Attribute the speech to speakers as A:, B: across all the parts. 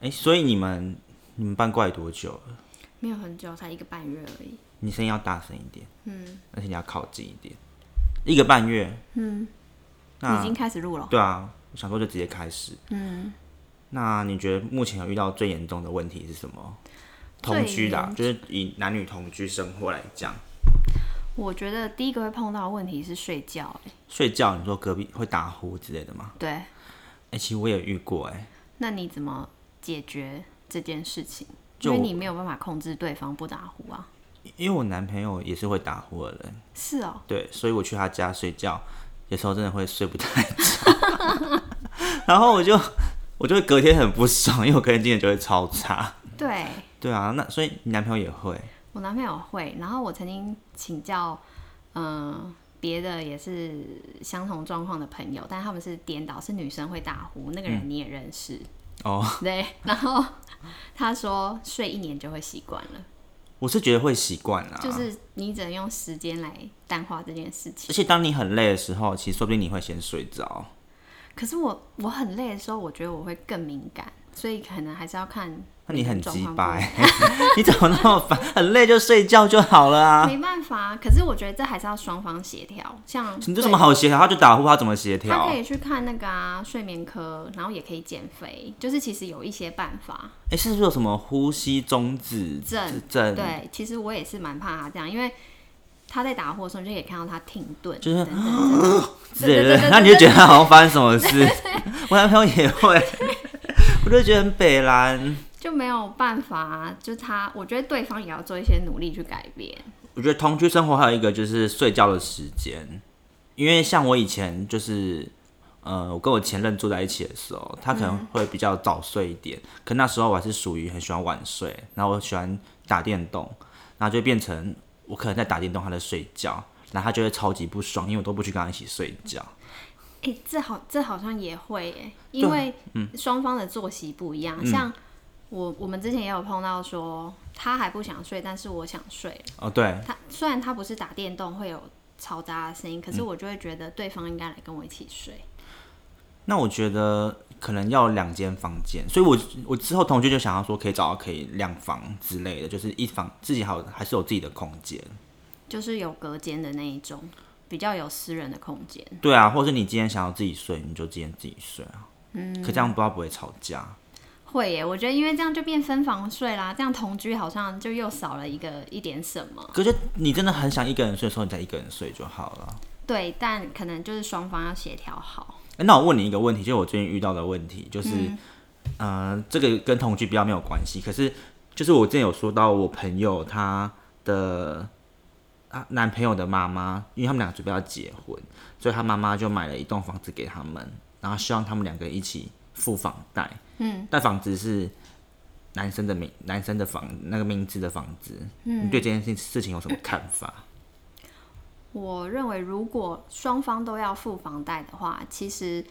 A: 哎、欸，所以你們你們搬過來多久了？
B: 沒有很久，才一個半月而已。
A: 你聲音要大聲一點，嗯，而且你要靠近一點。一個半月，嗯，那已經開始錄了。對啊，我想說就直接開始，
B: 嗯。
A: 那你覺得目前有遇到最嚴重的問題是什麼？對同居啦，就是以男女同居生活來講，
B: 我覺得第一個會碰到的問題是睡覺、欸，哎，
A: 睡覺，你說隔壁會打呼之類的嗎？對。哎、欸，其實我也遇過、欸，
B: 哎，那你怎麼？解決這件事情，就因為你沒有辦法控制對方不打呼啊。
A: 因為我男朋友也是會打呼的人。是哦、喔。對，所以我去他家睡覺，有時候真的會睡不太着。 然後我就，我就會隔天很不爽，因為我隔天精神就會超差。對。對啊，那所以你男朋友也會？
B: 我男朋友會。然後我曾經請教，嗯、呃，別的也是相同狀況的朋友，但他們是顛倒，是女生會打呼。那個人你也認識？嗯哦，oh。對，然後他說睡一年就會習慣了。
A: 我是覺得會習慣啦，就是
B: 你只能用時間來淡化這件事情。而
A: 且當你很累的時候，其實說不定你會先睡着。
B: 可是我我很累的時候，我覺得我會更敏感，所以可能還是要看。那、啊、你很直白，方 你怎麼那
A: 麼煩？很累就睡覺就好了
B: 啊。沒辦法，可是我覺得這還是要雙方協調。像你有什麼好協
A: 調？對他就打呼，他怎麼協調？他可以
B: 去看那個啊睡眠科，然後也可以減肥。就是其實有一些辦法。
A: 哎、欸，是不是有什麼呼吸中止、止症？症對，
B: 其實我也是蠻怕他這樣，因為他在打呼的時候，你就可以看到他停頓，就是，對，對對對，那你就覺得他好像發生什麼事。我男朋友也會， 我
A: 就覺得很北藍
B: 沒有辦法，就他，我覺得對方也要做一些努力去改變。
A: 我覺得同居生活還有一個就是睡覺的時間，因為像我以前就是，呃，我跟我前任住在一起的時候，他可能會比較早睡一點，嗯、可那時候我還是屬於很喜歡晚睡，然後我喜歡打電動，然後就變成我可能在打電動，他在睡覺，然後他就會超級不爽，因為我都不去跟他一起睡覺。欸、
B: 這好，這好像也會耶，因為、嗯、雙方的作息不一樣，嗯、像。我我們之前也有碰到說他還不想睡，但是我想睡哦。對他雖然他不是打電動會有嘈雜的聲音，可是我就會覺得對方應該來跟我一起睡。嗯、
A: 那我覺得可能要兩間房間，所以我我之後同學就想要說可以找到可以兩房之類的，就是一房自己好還,還是有自己的空間，
B: 就是有隔間的那一種比較有私人的空間。
A: 對啊，或者是你今天想要自己睡，你就今天自己睡啊。嗯，
B: 可這樣不知
A: 道不會吵架。
B: 會耶，我覺得因為這樣就變分房睡啦，這樣同居好像就又少了一個一點什麼，
A: 可是你真的很想一個人睡的時候，你再一個人睡就好了。
B: 對，但可能就是雙方要協調好。
A: 欸，那我問你一個問題，就是我最近遇到的問題，就是，嗯、呃，這個跟同居比較沒有關係，可是就是我之前有說到我朋友他的男朋友的媽媽，因為他們兩個準備要結婚，所以他媽媽就買了一棟房子給他們，然後希望他們兩個一起付房貸。嗯，但房子是男生的名，男生的房，那個名字的房子。嗯，你對這件事情有什麼看法？
B: 我認為，如果雙方都要付房貸的話，其實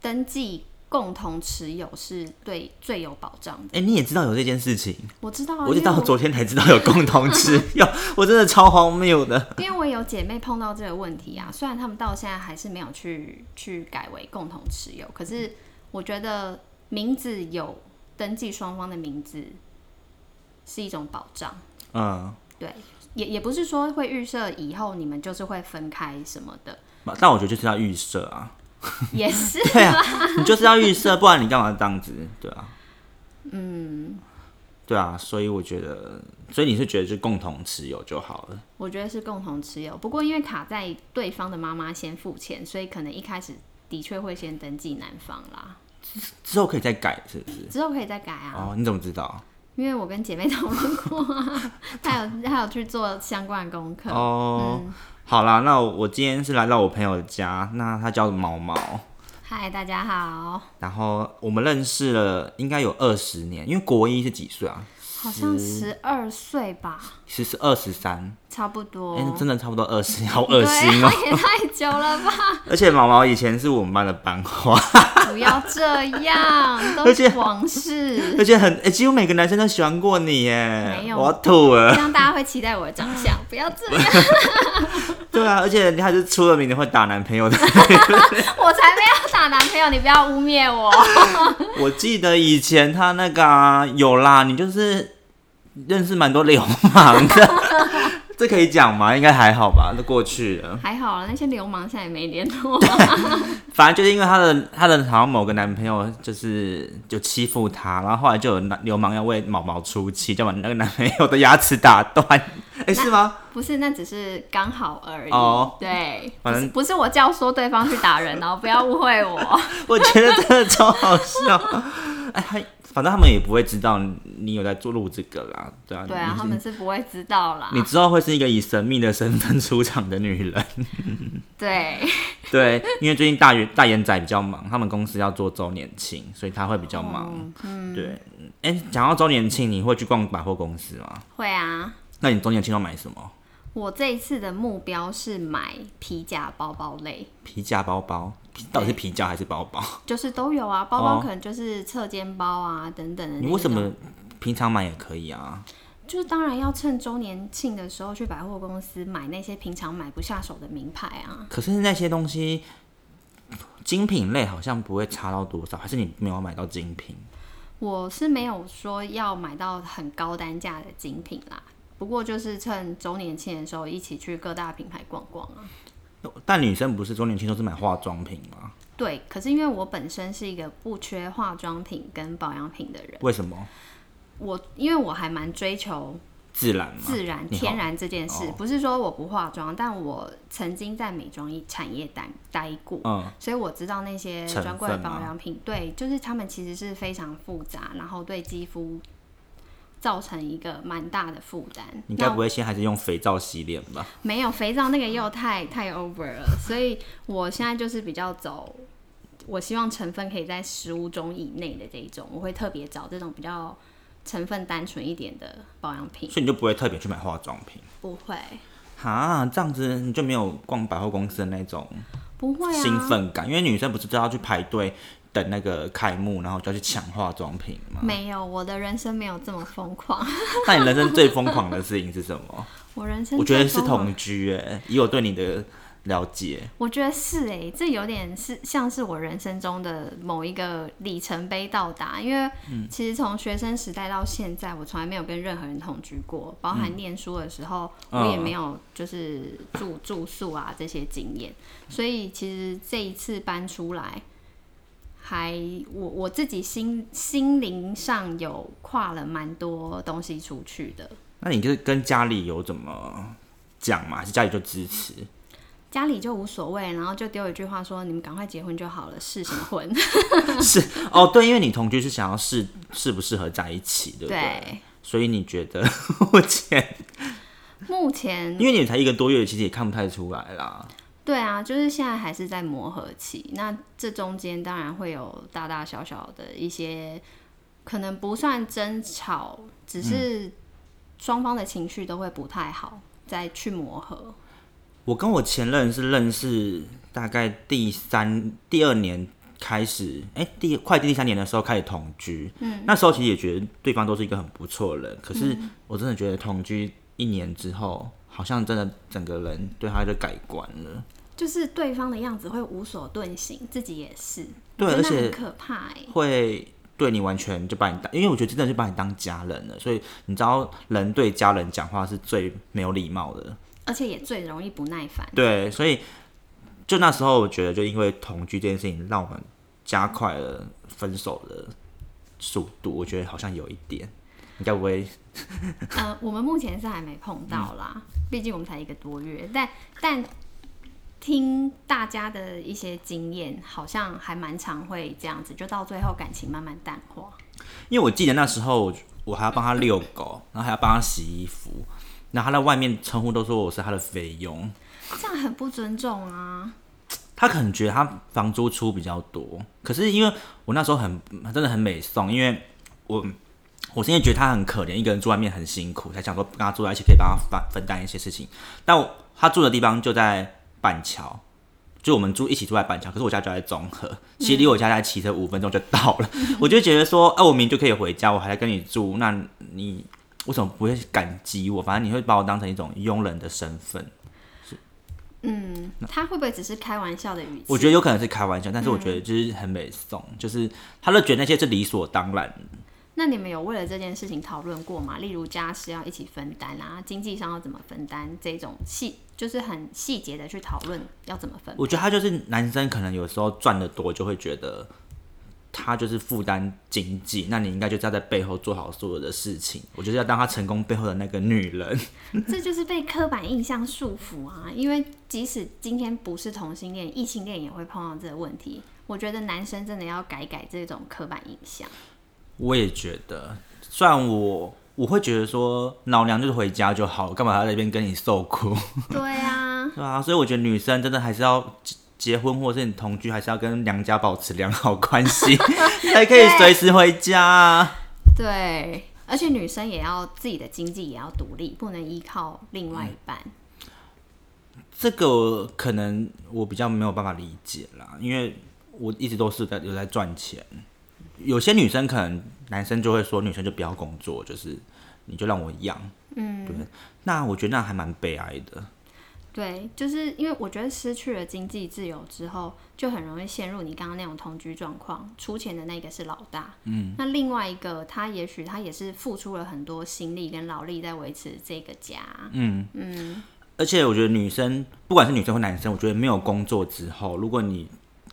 B: 登記共同持有是對最有保障的。哎、
A: 欸，你也知道有這件事情，
B: 我知道、啊，我就到昨天才知道有共同持
A: 有， 我真的超荒謬的。
B: 因為我有姐妹碰到這個問題啊，雖然她們到現在還是沒有去去改為共同持有，可是我覺得，名字有登記雙方的名字是一種保障。
A: 嗯，
B: 對，也也不是說會預設以後你們就是會分開什麼的。
A: 但我覺得就是要預設啊。
B: 也是。 對啊， 你就
A: 是要預設，不然你幹嘛這樣子？對啊。嗯，對啊，所以我覺得，所以你是覺得就是共同持有就好了？
B: 我覺得是共同持有，不過因為卡在對方的媽媽先付錢，所以可能一開始的確會先登記男方啦。
A: 之後可以再改，是不是？之後
B: 可以再改啊！哦
A: ，oh, 你怎麼知道？
B: 因為我跟姐妹討論過，啊，她 有她有去做相關的功課。哦、oh, 嗯，
A: 好啦。那我今天是來到我朋友的家，那他叫毛毛。
B: 嗨，大家好。
A: 然後我們認識了，應該有二十年。因為國一是幾歲啊？好像十
B: 二歲吧，
A: 其實二十三，差不多、欸。真的差不多二十，好噁心哦、啊！也
B: 太久了吧？
A: 而且毛毛以前是我們班的班花，
B: 不要這樣，都是往事。而且
A: 很哎、欸，幾乎每個男生都喜歡過你耶，哎有，我吐了。希望
B: 大家會期待我的長相，嗯、不要這樣。
A: 對啊，而且人家還是出了名的會打男朋友的。
B: 我才沒有打男朋友，你不要汙衊我。
A: 我記得以前他那個、啊、有啦，你就是認識蠻多流氓的。 這可以講嗎？應該還好吧，那過去了。
B: 還好，那些流氓現在也沒聯絡。反
A: 正就是因為她的，她的好像某個男朋友就是就欺負她，然後後來就有男流氓要為毛毛出氣，就把那個男朋友的牙齒打斷。
B: 哎、欸，那是嗎？不是，那只是剛好而已。哦，對，反正不是，不是我教唆對方去打人哦， 然後不要誤會我。
A: 我覺得真的超好笑。 哎，哎反正他們也不會知道你有在做錄這個啦，對啊，對啊，是他們
B: 是不會知道
A: 啦。你知道會是一個以神秘的身份出場的女人，對 對，因為最近大元大眼仔比較忙，他們公司要做周年慶，所以他會比較忙。哦、嗯，對。哎、欸，講到周年慶，你會去逛百貨公司嗎？會啊。那你周年慶要買什麼？
B: 我這一次的目標是買皮夾包包嘞，
A: 皮夾包包。到底是皮夾還是包包？
B: 就是都有啊，包包可能就是側肩包啊，哦、等等，你為什麼
A: 平常買也可以啊？
B: 就是當然要趁週年慶的時候去百貨公司買那些平常買不下手的名牌啊。
A: 可是那些東西精品類好像不會差到多少，還是你沒有買到精品？
B: 我是沒有說要買到很高單價的精品啦，不過就是趁週年慶的時候一起去各大品牌逛逛啊。
A: 但女生不是中年輕都是買化妝品嗎？嗯？
B: 對，可是因為我本身是一個不缺化妝品跟保養品的人。為什麼？我因為我還蠻追求自然，
A: 自然，自然，好天然
B: 這件事。哦，不是說我不化妝，但我曾經在美妝業產業待待過，嗯，所以我知道那些專櫃保養品，對，就是他們其實是非常複雜，然後對肌膚。造成一個蠻大的負擔。你
A: 該不會先還是用肥皂洗臉吧？
B: 沒有肥皂那個又太太 over 了，所以我現在就是比較走，我希望成分可以在十五種以內的這一種，我會特別找這種比較成分單純一點的保養品。所
A: 以你就不會特別去買化妝品？
B: 不會。啊，
A: 這樣子你就沒有逛百貨公司的那種
B: 不會啊興奮
A: 感，因為女生不是都要去排隊？等那個開幕，然後就要去搶化妝品嗎？
B: 沒有，我的人生沒有這麼瘋狂。但 你人生最瘋狂
A: 的事情是什麼？我人生我覺得是同居誒、欸，以我對你的了解，
B: 我覺得是誒、欸，這有點是像是我人生中的某一個里程碑到達。因為其實從學生時代到現在，我從來沒有跟任何人同居過，包含唸書的時候，嗯、我也沒有就是住住宿啊、嗯、這些經驗。所以其實這一次搬出來。還我我自己心心靈上有跨了蠻多東西出去的。
A: 那你就跟家裡有怎麼講嘛？還是家裡就支持？
B: 家裡就無所謂，然後就丟一句話說：“你們趕快結婚就好了，試什麼婚。
A: 是”是哦，對，因為你同居是想要試適不適合在一起，對不對？對，所以你覺得目前
B: 目前，目前因為你才
A: 一個多月，其實也看不太出來啦。
B: 對啊，就是現在還是在磨合期。那這中間當然會有大大小小的一些，可能不算爭吵，只是雙方的情緒都會不太好，嗯、再去磨合。
A: 我跟我前任是認識大概第三第二年開始，哎，第快第三年的時候開始同居。嗯，那時候其實也覺得對方都是一個很不錯的人，可是我真的覺得同居一年之後，好像真的整個人對他就改觀了，
B: 就是對方的樣子會無所遁形，自己也是。對，而且很可怕哎。
A: 會對你完全就把你當，因為我覺得真的是把你當家人了，所以你知道人對家人講話是最沒有禮貌的，
B: 而且也最容易不耐煩。
A: 對，所以就那時候我覺得，就因為同居這件事情，讓我們加快了分手的速度。我覺得好像有一點，你該不會？
B: 呃，我們目前是還沒碰到啦，畢、嗯、竟我們才一個多月。但但聽大家的一些經驗，好像還蠻常會這樣子，就到最後感情慢慢淡化。
A: 因為我記得那時候，我還要幫他遛狗，咳咳然後還要幫他洗衣服，那他在外面稱呼都說我是他的菲傭 ，
B: 這樣很不尊重啊。
A: 他可能覺得他房租出比較多，可是因為我那時候很真的很美頌，因為我。我現在覺得他很可憐，一個人住外面很辛苦，才想說跟他住在一起可以幫他分分擔一些事情。但我他住的地方就在板橋，就我們住一起住在板橋，可是我家就在中和，其實離我家在騎車五分鐘就到了。嗯、 我就覺得說，哎、啊，我明明就可以回家，我還在跟你住，那你為什麼不會感激我？反正你會把我當成一種傭人的身份。
B: 嗯，他會不會只是開玩笑的語氣？我覺得有可
A: 能是開玩笑，但是我覺得就是很美送，嗯、就是他都覺得那些是理所當然。
B: 那你們有為了這件事情討論過嗎？例如家事要一起分擔啊，經濟上要怎麼分擔這種細，就是很細節的去討論要怎麼分。我覺
A: 得他就是男生，可能有時候賺得多，就會覺得他就是負擔經濟，那你應該就要在，在背後做好所有的事情。我覺得要當他成功背後的那個女人，
B: 這就是被刻板印象束縛啊。因為即使今天不是同性戀，異性戀也會碰到這個問題。我覺得男生真的要改改這種刻板印象。
A: 我也覺得，雖然我我會覺得說，老娘就是回家就好，幹嘛要在那邊跟你受苦？對啊， 對吧？啊？所以我覺得女生真的還是要結婚，或者是你同居，還是要跟娘家保持良好關係，才 可以隨時回家
B: 對。對，而且女生也要自己的經濟也要獨立，不能依靠另外一半。嗯、
A: 這個可能我比較沒有辦法理解啦，因為我一直都是在有在賺錢。有些女生可能男生就會說，女生就不要工作，就是你就讓我養，嗯，對。那我覺得那還蠻悲哀的。
B: 對，就是因為我覺得失去了經濟自由之後，就很容易陷入你剛剛那種同居狀況，出錢的那個是老大，嗯，那另外一個他也許他也是付出了很多心力跟勞力在維持這個家，嗯
A: 嗯。嗯，而且我覺得女生不管是女生或男生，我覺得沒有工作之後，如果你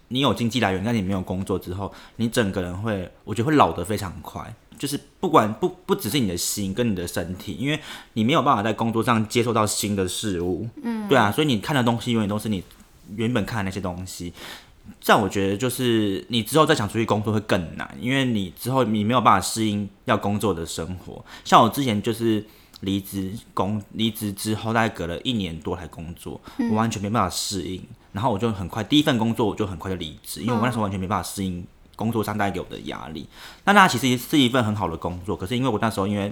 A: 你有經濟來源，但是你沒有工作之後，你整個人會，我覺得會老得非常快。就是不管不不只是你的心跟你的身體，因為你沒有辦法在工作上接受到新的事物，嗯，對啊，所以你看的東西永遠都是你原本看的那些東西。這樣我覺得就是你之後再想出去工作會更難，因為你之後你沒有辦法適應要工作的生活。像我之前就是。離職工離職之後，大概隔了一年多才工作，嗯、我完全沒辦法適應，然後我就很快，第一份工作我就很快就離職，因為我那時候完全沒辦法適應工作上帶給我的壓力。嗯、那那其實是一份很好的工作，可是因為我那時候因為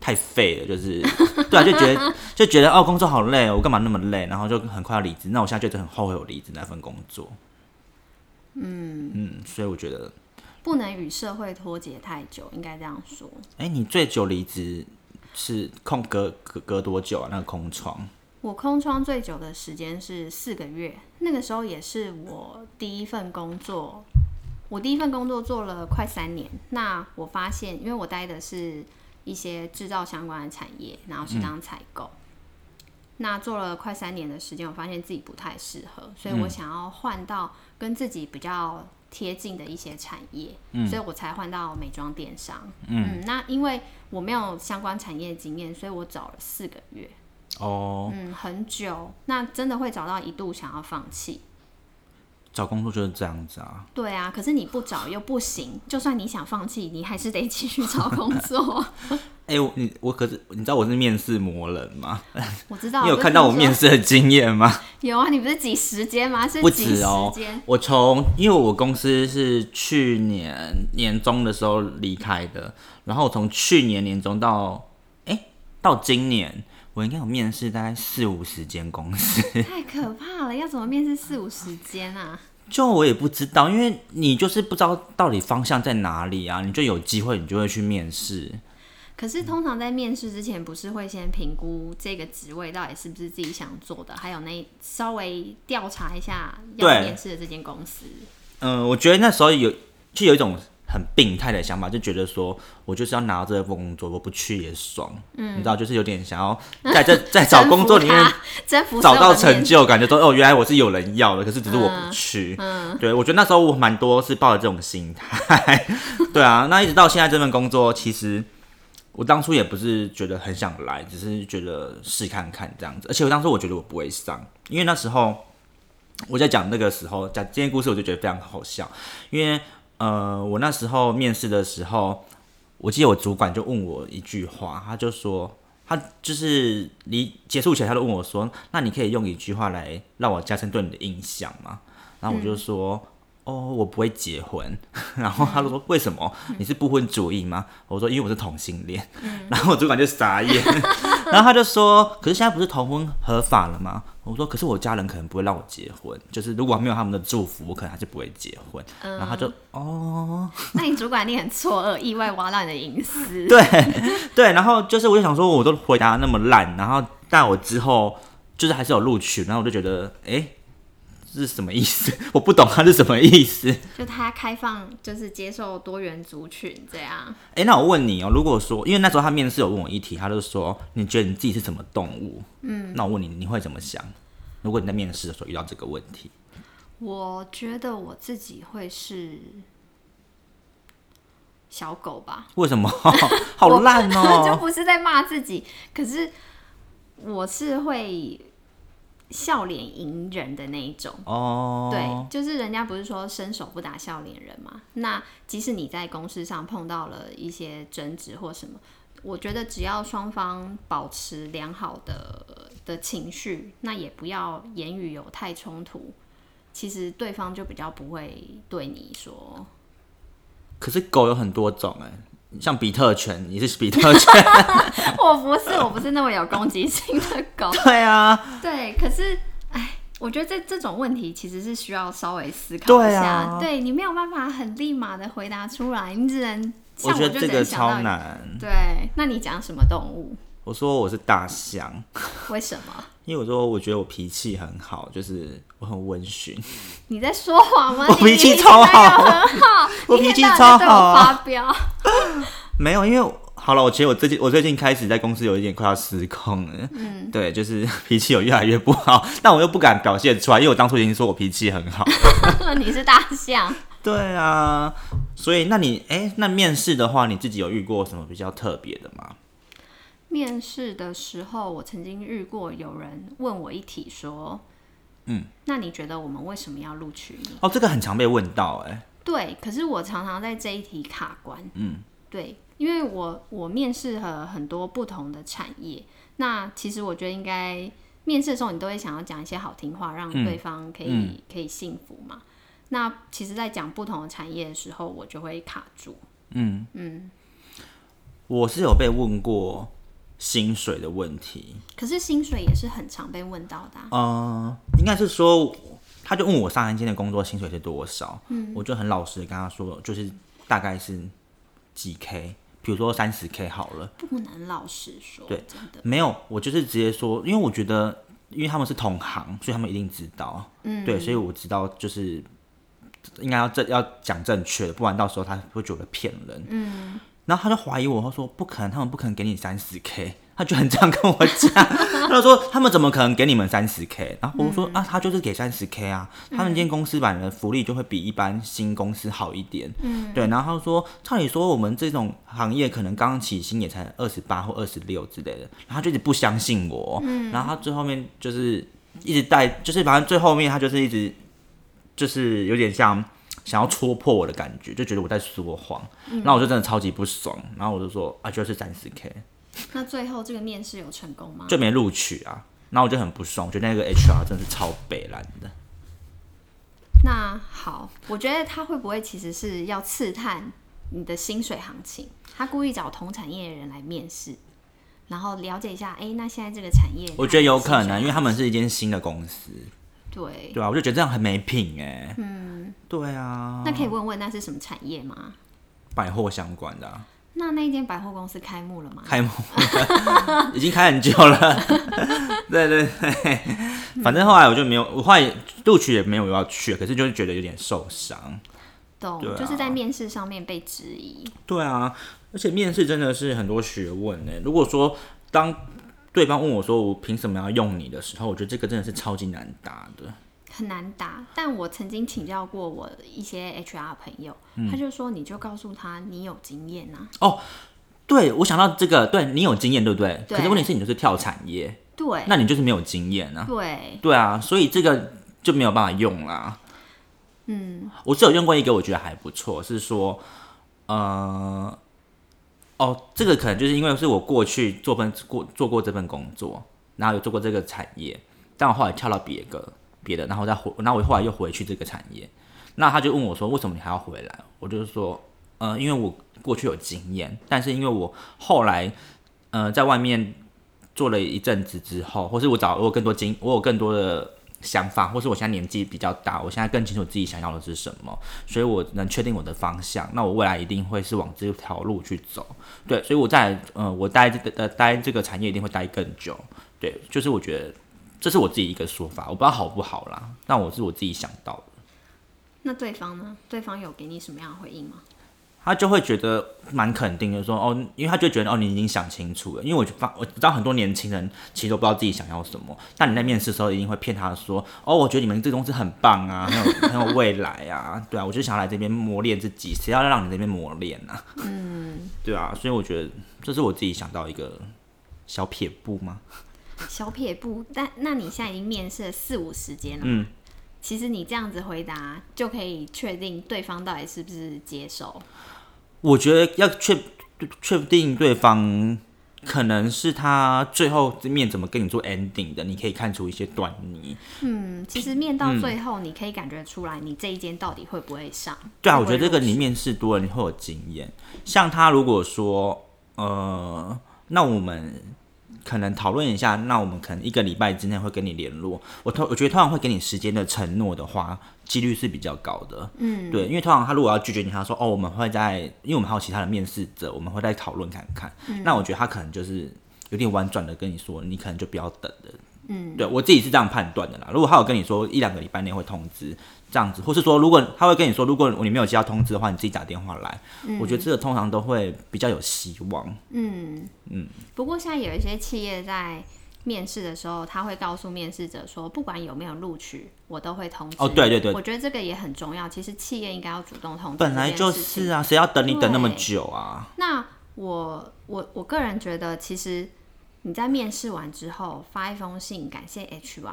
A: 太廢了，就是 對啊，就覺得就覺得哦，工作好累，我幹嘛那麼累？然後就很快要離職。那我現在覺得很後悔，我離職那份工作。嗯嗯，所以我覺得
B: 不能與社會脫節太久，應該這樣說。
A: 哎、欸，你最久離職？是空隔隔，隔多久啊？那個空窗，
B: 我空窗最久的時間是四個月。那個時候也是我第一份工作，我第一份工作做了快三年。那我發現，因爲我待的是一些制造相關的產業，然後是當採購。嗯、那做了快三年的時間，我發現自己不太適合，所以我想要換到跟自己比較。貼近的一些產業，嗯、所以我才換到美妝電商。嗯，嗯，那因為我沒有相關產業經驗，所以我找了四個月，
A: 哦，嗯，
B: 很久。那真的會找到一度想要放棄。
A: 找工作就是這樣子啊，
B: 對啊，可是你不找又不行，就算你想放棄，你還是得繼續找工作。哎
A: 欸，我你我可是你知道我是面試魔人嗎？
B: 我知道， 你有看到我面試的
A: 經驗嗎？
B: 有啊，你不是擠時間嗎？是不擠時間、哦？我
A: 從因為我公司是去年年中的時候離開的，嗯、然後從去年年中到哎、欸、到今年。我應該有面試大概四五十間公司，
B: 太可怕了！要怎麼面試四五十間啊？
A: 就我也不知道，因為你就是不知道到底方向在哪裡啊，你就有機會，你就會去面試。
B: 可是通常在面試之前，不是會先評估這個職位到底是不是自己想做的，還有那稍微調查一下要面試的這間公司。嗯、
A: 呃，我覺得那時候有就有一種。很病態的想法，就覺得說我就是要拿這份工作，我不去也爽。嗯，你知道，就是有點想要在這在找工作裡面征服，找到成就，感覺說哦，原來我是有人要的，可是只是我不去。嗯，嗯對，我覺得那時候我蠻多是抱着這種心態。 對啊，那一直到現在這份工作，其實我當初也不是覺得很想來，只是覺得試看看這樣子。而且我當時我覺得我不會上，因為那時候我在講那個時候講這件故事，我就覺得非常好笑，因為。呃，我那時候面試的時候，我記得我主管就問我一句話，他就說，他就是離結束前，他就問我說，那你可以用一句話來讓我加深對你的印象嗎？然後我就說。嗯哦，我不會結婚，然後他就說：“嗯、為什麼？你是不婚主義嗎？”嗯、我說：“因為我是同性戀。嗯”然後我主管就傻眼， 然後他就說：“可是現在不是同婚合法了嗎？”我說：“可是我家人可能不會讓我結婚，就是如果沒有他們的祝福，我可能還是不會結婚。嗯”然後他就：“哦，
B: 那你主管你很錯愕， 意外挖到你的隱私。對”對
A: 對，然後就是我就想說，我都回答那麼爛，然後但我之後就是還是有錄取，然後我就覺得，哎。是什麼意思？我不懂他是什麼意思。
B: 就他開放，就是接受多元族群這樣。
A: 欸，那我問你喔，如果說，因為那時候他面試有問我一題，他就說，你覺得你自己是什麼動物？嗯，那我問你，你會怎麼想？如果你在面試的時候遇到這個問題，
B: 我覺得我自己會是小狗吧？
A: 為什麼？好爛喔！ 就不
B: 是在罵自己，可是我是會。笑臉迎人的那一種哦
A: ，oh. 對，就
B: 是人家不是說伸手不打笑臉人嘛？那即使你在公司上碰到了一些爭執或什麼，我覺得只要雙方保持良好的的情緒，那也不要言語有太衝突，其實對方就比較不會對你說。
A: 可是狗有很多種哎、欸。像比特犬，你是比特犬？
B: 我不是，我不是那麼有攻擊性的狗。 對啊，對，可是，哎，我覺得這這種問題其實是需要稍微思考一下。對啊，對，你沒有辦法很立馬的回答出來，你只能像我就只能想到。超難。對，那你講什麼動物？
A: 我說我是大象。 為什麼？因為我說，我覺得我脾氣很好，就是我很溫馴。
B: 你在說謊嗎？ 我脾氣超好， 我脾氣超好，發飆
A: 沒有？因為好了，我其實我最近我最近開始在公司有一點快要失控了。嗯，對，就是脾氣有越來越不好，但我又不敢表現出來，因為我當初已經說我脾氣很好。
B: 你是大象？
A: 對啊，所以那你哎、欸，那面試的話，你自己有遇過什麼比較特別的嗎？
B: 面試的時候，我曾經遇過有人問我一題，說：“嗯，那你覺得我們為什麼要錄取你？”
A: 哦，這個很常被問到、欸，哎，
B: 對。可是我常常在這一題卡關，嗯，對，因為我我面試了很多不同的產業，那其實我覺得應該面試的時候，你都會想要講一些好聽話，讓對方可以、嗯、可以信服嘛。嗯、那其實，在講不同的產業的時候，我就會卡住，嗯嗯，
A: 嗯我是有被問過。薪水的問題，
B: 可是薪水也是很常被問到的、啊。嗯、
A: 呃，應該是說，他就問我上一間的工作薪水是多少，嗯，我就很老實的跟他說，就是大概是幾 K，比如說三十 K 好了。
B: 不能老實說，對，真的沒有，
A: 我就是直接說，因為我覺得，因為他們是同行，所以他們一定知道，嗯，對，所以我知道就是應該要正要講正確的，不然到時候他會覺得騙人，嗯。然後他就懷疑我，他說不可能，他們不可能給你三十 k，他就很這樣跟我講， 他就說他們怎麼可能給你們三十 k？然後我就說、嗯、啊，他就是給三十 k 啊，他們這公司版的福利就會比一般新公司好一點，嗯，對。然後他就說，照理說我們這種行業可能剛起薪也才二十八或二十六之類的，然後他就一直不相信我，嗯，然後他最後面就是一直帶，就是反正最後面他就是一直就是有點像。想要戳破我的感覺，就覺得我在說謊，那、嗯、我就真的超級不爽。然後我就說啊，就是三十 k。
B: 那最後這個面試有成功嗎？就沒
A: 錄取啊。那我就很不爽，我覺得那個 H R 真的是超白爛的。
B: 那好，我覺得他會不會其實是要刺探你的薪水行情？他故意找同產業的人來面試，然後了解一下。哎、欸，那現在這個產業，我覺得有可能，
A: 因為他們是一間新的公司。對對啊，我就覺得這樣很沒品哎。嗯，對啊。那
B: 可以問問那是什麼產業嗎？
A: 百貨相關的、啊。
B: 那那間百貨公司開幕了嗎？開幕
A: 了， 已經開很久了。 對對對，反正後來我就沒有，我後來錄取也沒有要去，可是就是覺得有點受傷。懂，對啊、就是
B: 在面試上面被質疑。
A: 對啊，而且面試真的是很多學問呢。如果說當對方問我說：“我憑什麼要用你的時候，我覺得這個真的是超級難答的，
B: 很難答。但我曾經請教過我的一些 HR 朋友，嗯、他就說，你就告訴他你有經驗吶、
A: 啊。哦，對我想到這個，對你有經驗對不對？對，可是問題是你就是跳產業，對，那你就是沒有經驗啊。對，對啊，所以這個就沒有辦法用了。嗯，我只有用過一個，我覺得還不錯，是說，呃。”哦，這個可能就是因為是我過去做份過做過這份工作，然後有做過這個產業，但我後來跳到別個別的，然後再回，那我後來又回去這個產業，那他就問我說，為什麼你還要回來？我就是說，嗯、呃，因為我過去有經驗，但是因為我後來，嗯、呃，在外面做了一陣子之後，或是我找我有更多經，我有更多的。想法，或是我現在年紀比較大，我現在更清楚自己想要的是什麼，所以我能確定我的方向。那我未來一定會是往這條路去走，對，所以我在呃、嗯，我待這個待這個產業一定會待更久，對，就是我覺得這是我自己一個說法，我不知道好不好啦，那我是我自己想到的。
B: 那對方呢？對方有給你什麼樣的回應嗎？
A: 他就會覺得蠻肯定的，就是、說哦，因為他就會覺得哦，你已經想清楚了。因為我就發我知道很多年輕人其實都不知道自己想要什麼，但你在面試的時候一定會騙他說哦，我覺得你們這公司很棒啊，很有很有未來啊， 對啊，我就想要來這邊磨練自己。誰要讓你這邊磨練呢？啊？嗯，對啊，所以我覺得這是我自己想到一個小撇步嗎？
B: 小撇步，但那，那你現在已經面試了四五十間了，嗯，其實你這樣子回答就可以確定對方到底是不是接受。
A: 我覺得要確確定對方，可能是他最後面怎麼跟你做 ending 的，你可以看出一些端倪。
B: 嗯，其實面到最後，嗯、你可以感覺出來，你這一間到底會不會上。對啊，會會我覺得這個你
A: 面試多了，你會有經驗。像他如果說，呃，那我們。可能討論一下，那我們可能一個禮拜之內會跟你聯絡。我我覺得通常會給你時間的承諾的話，幾率是比較高的。嗯，對，因為通常他如果要拒絕你，他說哦，我們會在，因為我們還有其他的面試者，我們會再討論看看。嗯、那我覺得他可能就是有點婉轉的跟你說，你可能就不要等了。嗯，對我自己是這樣判斷的啦。如果他有跟你說一兩個禮拜內會通知。這樣子，或是說，如果他會跟你說，如果你沒有接到通知的話，你自己打電話來。嗯，我覺得這個通常都會比較有希望。嗯嗯。
B: 嗯，不過現在有一些企業在面試的時候，他會告訴面試者說，不管有沒有錄取，我都會通知。哦，對對對。我覺得這個也很重要。其實企業應該要主動通知。本來就是
A: 啊，誰要等你等那麼久啊？
B: 那我我我個人覺得，其實你在面試完之後發一封信感謝 HR。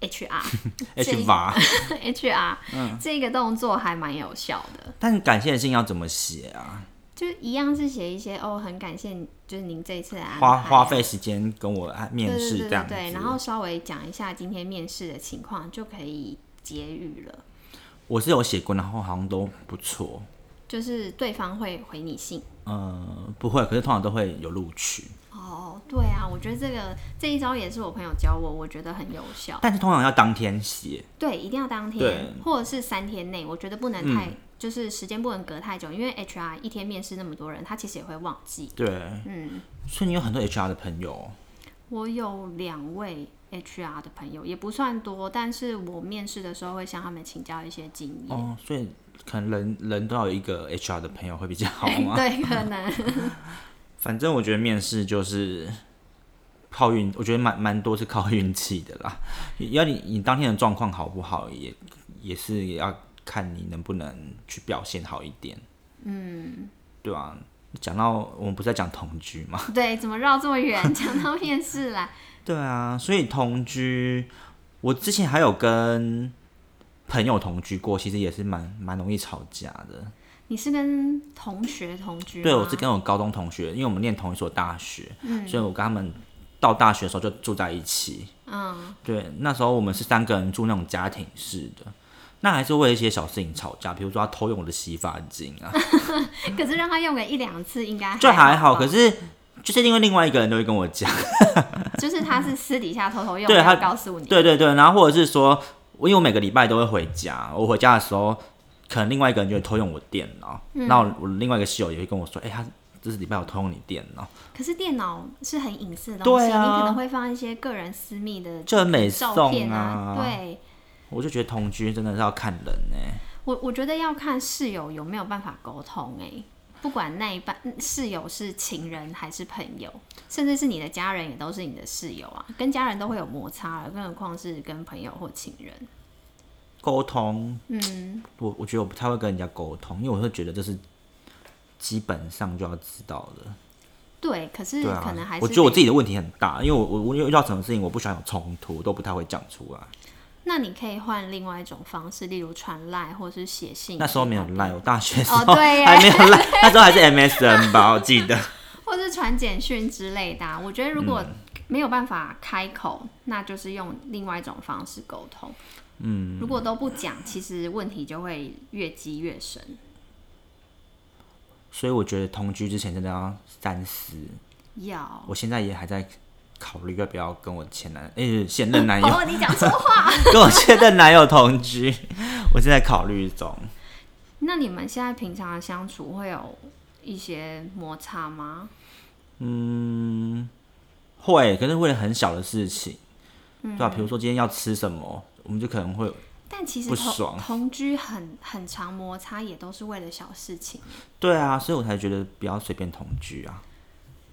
B: HR, H V，H R，H R，這個動作還蠻有效的。
A: 但感謝信要怎麼寫啊？
B: 就一樣是寫一些哦，很感謝，就是您這一次來、啊、花花
A: 費時間跟我面試這樣子。對對，然後
B: 稍微講一下今天面試的情況，就可以結語了。
A: 我是有寫過，然後好像都不錯。
B: 就是對方會回你信？
A: 呃，不會，可是通常都會有錄取。
B: 哦，oh, 對啊，我覺得這個這一招也是我朋友教我，我覺得很有效。但
A: 是通常要當天寫，
B: 對，一定要當天，對，或者是三天內，我覺得不能太，嗯、就是時間不能隔太久，因為 HR 一天面試那麼多人，他其實也會忘記。對，
A: 嗯，所以你有很多 HR 的朋友？
B: 我有兩位 HR 的朋友，也不算多，但是我面試的時候會向他們請教一些
A: 經驗。哦，所以可能人，人都要有一個 HR 的朋友會比較好嗎？哎、對，可能。 反正我覺得面試就是靠運，我覺得蠻蠻多是靠運氣的啦。要你你當天的狀況好不好，也也是也要看你能不能去表現好一點。嗯，對啊，講到我們不是在講同居嗎？
B: 對，怎麼繞這麼遠，講 到面試啦。
A: 對啊，所以同居，我之前還有跟朋友同居過，其實也是蠻蠻容易吵架的。
B: 你是跟同學同居？對，我是跟
A: 我高中同學，因為我們念同一所大學，嗯、所以我跟他們到大學的時候就住在一起。嗯，對，那時候我們是三個人住那種家庭式的，那還是為了一些小事情吵架，比如說他偷用我的洗髮精啊。
B: 可是讓他用個一兩次應該，應該就還
A: 好。可是就是因為另外一個人都會跟我講，
B: 就是他是私底下偷偷用，對他告訴你，對
A: 對對，然後或者是說我因為我每個禮拜都會回家，我回家的時候。可能另外一個人就會偷用我電腦，那、嗯、我另外一個室友也會跟我說，哎、欸，他這是禮拜我偷用你電腦。
B: 可是電腦是很隱私的東西，對啊，你可能會放一些個人私密的，就很美照片啊。啊對，
A: 我就覺得同居真的是要看人哎、欸，
B: 我我覺得要看室友有沒有辦法溝通哎、欸，不管那一半室友是情人還是朋友，甚至是你的家人也都是你的室友啊，跟家人都會有摩擦，更何況是跟朋友或情人。溝通，嗯，
A: 我我覺得我不太會跟人家溝通，因為我會覺得這是基本上就要知道的。
B: 對，可是、啊、可能還是我覺得我自己的
A: 問題很大，因為我我我遇到什麼事情我不喜歡有衝突，都不太會講出來。
B: 那你可以換另外一種方式，例如傳賴或是寫信。那時候沒有賴，我
A: 大學時候對還沒有賴、哦，那時候還是、MS、MSN 吧， 我記得。
B: 或是傳簡訊之類的、啊，我覺得如果沒有辦法開口，嗯、那就是用另外一種方式溝通。嗯，如果都不講，其實問題就會越積越深。
A: 所以我覺得同居之前真的要三思。
B: 要，
A: 我現在也還在考慮要不要跟我前男，哎、欸，現任男友，哦、 你講錯話 跟我現任男友同居，我現在考慮中。
B: 那你們現在平常的相處會有一些摩擦嗎？嗯，
A: 會，可是為了很小的事情，嗯、對吧、啊？比如說今天要吃什麼。我們就可能會不爽，但其實同
B: 同居很很常摩擦，也都是為了小事情。
A: 對啊，所以我才覺得不要隨便同居啊。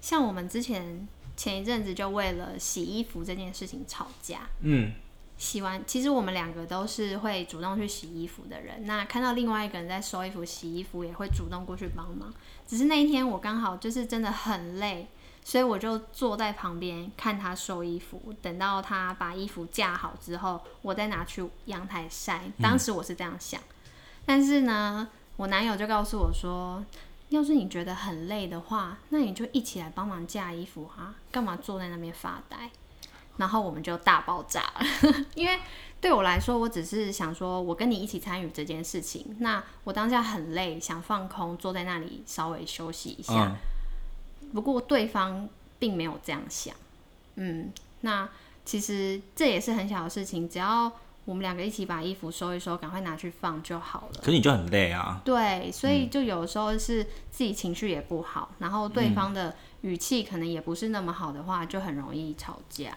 B: 像我們之前前一陣子就為了洗衣服這件事情吵架。嗯。洗完，其實我們兩個都是會主動去洗衣服的人。那看到另外一個人在收衣服、洗衣服，也會主動過去幫忙。只是那一天我剛好就是真的很累。所以我就坐在旁邊看他收衣服，等到他把衣服架好之後，我再拿去陽台曬。當時我是這樣想，嗯、但是呢，我男友就告訴我說：“要是你覺得很累的話，那你就一起來幫忙架衣服啊，幹嘛坐在那邊發呆？”然後我們就大爆炸了。 因為對我來說，我只是想說，我跟你一起參與這件事情，那我當下很累，想放空，坐在那裡稍微休息一下。嗯不過對方並沒有這樣想，嗯，那其實這也是很小的事情，只要我們兩個一起把衣服收一收，趕快拿去放就好了。
A: 可是你就很累啊。
B: 對，所以就有時候是自己情緒也不好，嗯、然後對方的語氣可能也不是那麼好的話，就很容易吵架。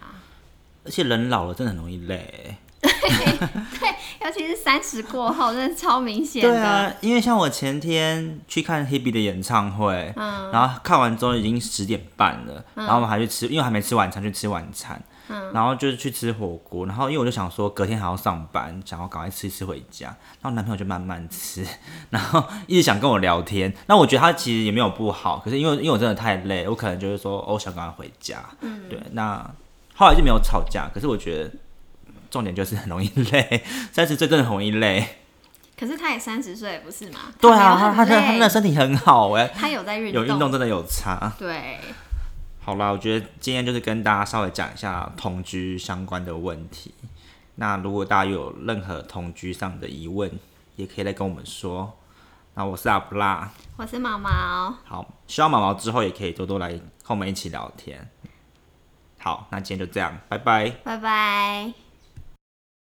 A: 而且人老了真的很容易累。
B: 對，對，尤其是三十過後，真的超明顯的。
A: 對啊，因為像我前天去看 Hebe 的演唱會，嗯，然後看完之後已經十點半了，嗯、然後我們還去吃，因為還沒吃晚餐，去吃晚餐，嗯，然後就是去吃火鍋，然後因為我就想說隔天還要上班，想要趕快吃一吃回家。然後我男朋友就慢慢吃，然後一直想跟我聊天。那我覺得他其實也沒有不好，可是因為因為我真的太累，我可能就是說，哦、我想趕快回家。嗯，對，那後來就沒有吵架，可是我覺得。重點就是很容易累，三十歲真的很容易累。
B: 可是他也三十歲，不是嗎？對啊，他他的他的身
A: 體很好哎、欸。他有在運有運動，有運動真的有差。對，好啦，我覺得今天就是跟大家稍微講一下同居相關的問題。那如果大家有任何同居上的疑問，也可以來跟我們說。那我是阿布拉，
B: 我是毛毛。
A: 好，希望毛毛之後也可以多多來和我們一起聊天。好，那今天就這樣，拜拜，
B: 拜拜。